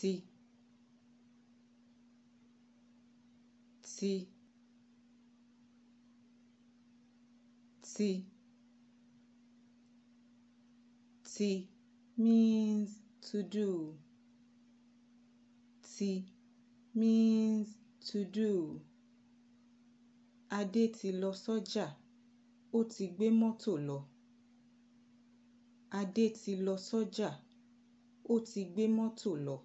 tí tí tí tí means to do tí means to do Adé ti lọ sọ́jà ó ti gbé mọ́tò lọ. Adé ti lọ sọ́jà ó ti gbé mọ́tò lọ.